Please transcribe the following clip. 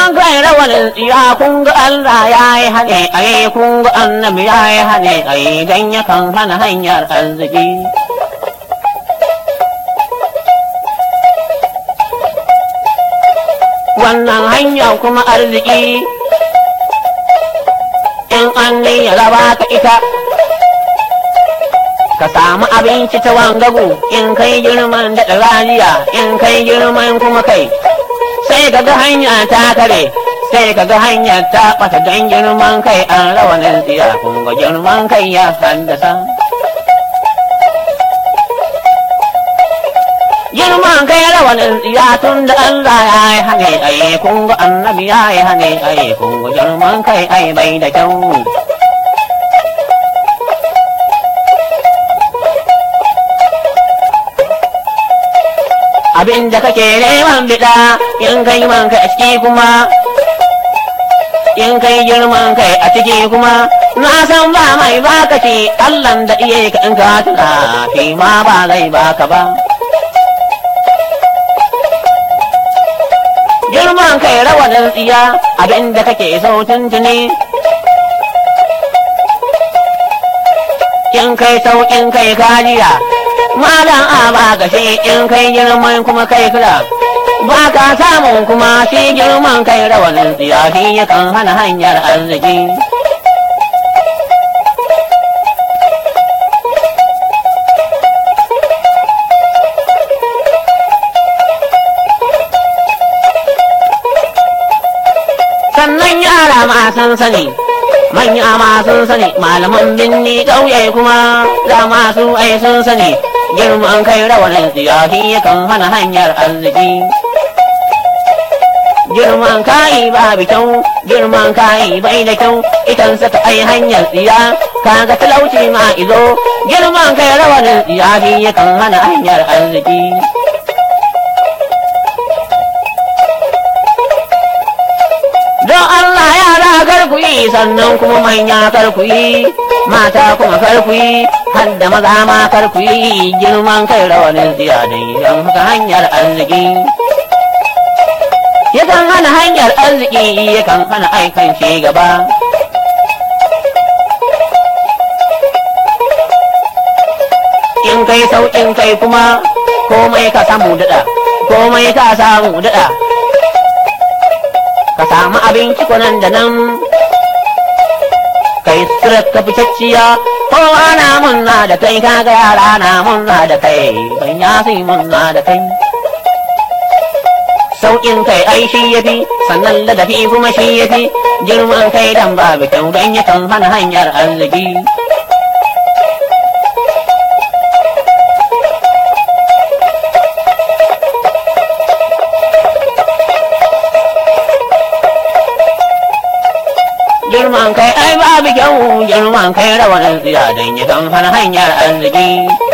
an kai rawalin tsiya kun ga Allah ya yi hane tsaye kun ga annabi ya yi hane tsaye don kan hana hanyar arziki. Wannan hanya kuma arziki in an ya raba ka ita. ka samu abinci ta wangagu in kai girman da ɗarajiya in kai girman kuma kai hanya ta kare sai ka ga hanyar ta ɓata don girman kai an rawanin tsiya kun ga girman kai ya haddasa girman kai rawanin tsiya tun da Allah ya yi hane aye kun ga annabi ya yi hane aye kun ga girman kai ai bai da kyau abin da kake neman bida in kai man kai a ciki kuma in kai girman kai a ciki kuma na san ba mai baka ce Allah da iye ka in ka tuna kai ma ba zai baka ba girman kai rawanin tsiya abin da kake sautin tuni in kai sauƙin kai kajiya. malam a ba ka shi in kai girman kuma kai kira ba ka samun kuma shi girman kai rawanin tsiya shi yakan hana hanyar arziki sannan yara ma san sani manya ma sun sani malaman binni ƙauye kuma da masu ai sun sani girman kai rawar tsiya shi yakan hana hanyar arziki girman kayi bi kyau girman kayi bai da kyau itan sa ta ai hanyar tsiya ga talauci ma izo girman kai rawanin tsiya shi yakan hana hanyar arziki don Allah yara kar ku yi sannan kuma manya kar yi mata kuma kar ku yi Hadda maza ma kar ku yi girman kai rawanin ziya don yan haka hanyar arziki yakan hana hanyar arziki yakan hana aikan shi gaba in kai sauƙin kai kuma komai ka samu daɗa komai ka samu daɗa ka samu abinci kunan da nan kai tsirar ka fitacciya ko ana munna da kai kaga yara na munna da kai ban ya sai munna da kai sauƙin kai ai shi fi, sannan ladafi kuma shi fi. girman kai dan babu kyau dan hana hanyar arziki girman kai ai babu kyau girman kai rawanin tsiya don yi kan hanyar arziki